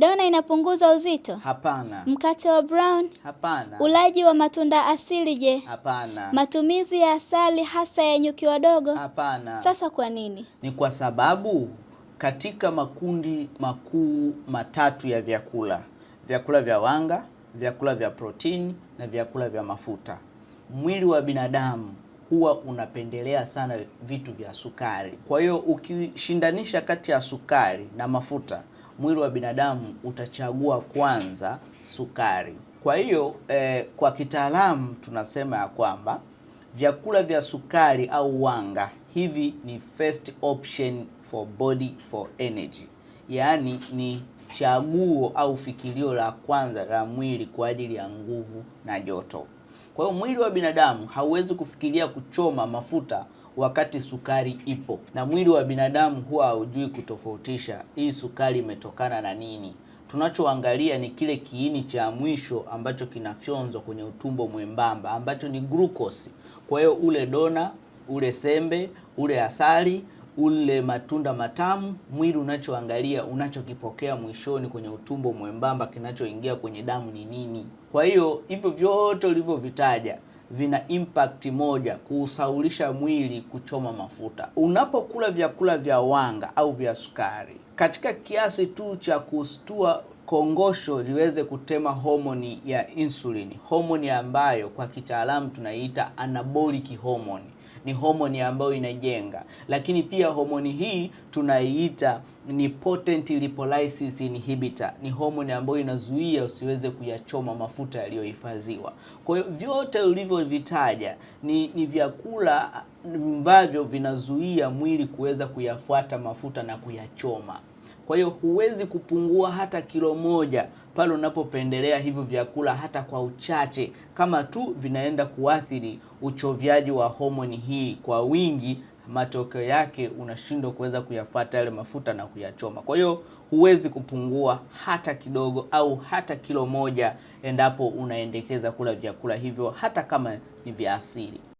Dona inapunguza uzito? Hapana. Mkate wa brown? Hapana. Ulaji wa matunda asili je? Hapana. Matumizi ya asali hasa ya nyuki wadogo? Hapana. Sasa kwa nini? Ni kwa sababu katika makundi makuu matatu ya vyakula, vyakula vya wanga, vyakula vya protini na vyakula vya mafuta, mwili wa binadamu huwa unapendelea sana vitu vya sukari. Kwa hiyo ukishindanisha kati ya sukari na mafuta mwili wa binadamu utachagua kwanza sukari. Kwa hiyo eh, kwa kitaalamu tunasema ya kwamba vyakula vya sukari au wanga hivi ni first option for body for energy, yaani ni chaguo au fikirio la kwanza la mwili kwa ajili ya nguvu na joto. Kwa hiyo mwili wa binadamu hauwezi kufikiria kuchoma mafuta wakati sukari ipo, na mwili wa binadamu huwa haujui kutofautisha hii sukari imetokana na nini. Tunachoangalia ni kile kiini cha mwisho ambacho kinafyonzwa kwenye utumbo mwembamba ambacho ni glucose. Kwa hiyo ule dona, ule sembe, ule asali ule matunda matamu, mwili unachoangalia unachokipokea mwishoni kwenye utumbo mwembamba, kinachoingia kwenye damu ni nini? Kwa hiyo hivyo vyote ulivyovitaja vina impact moja, kuusaulisha mwili kuchoma mafuta. Unapokula vyakula vya wanga au vya sukari katika kiasi tu cha kustua kongosho liweze kutema homoni ya insulini, homoni ambayo kwa kitaalamu tunaiita anabolic homoni ni homoni ambayo inajenga, lakini pia homoni hii tunaiita ni potent lipolysis inhibitor, ni homoni ambayo inazuia usiweze kuyachoma mafuta yaliyohifadhiwa. Kwa hiyo vyote ulivyovitaja ni, ni vyakula ambavyo vinazuia mwili kuweza kuyafuata mafuta na kuyachoma. Kwa hiyo huwezi kupungua hata kilo moja pale unapopendelea hivyo vyakula hata kwa uchache, kama tu vinaenda kuathiri uchovyaji wa homoni hii kwa wingi, matokeo yake unashindwa kuweza kuyafata yale mafuta na kuyachoma. Kwa hiyo huwezi kupungua hata kidogo au hata kilo moja endapo unaendekeza kula vyakula hivyo hata kama ni vya asili.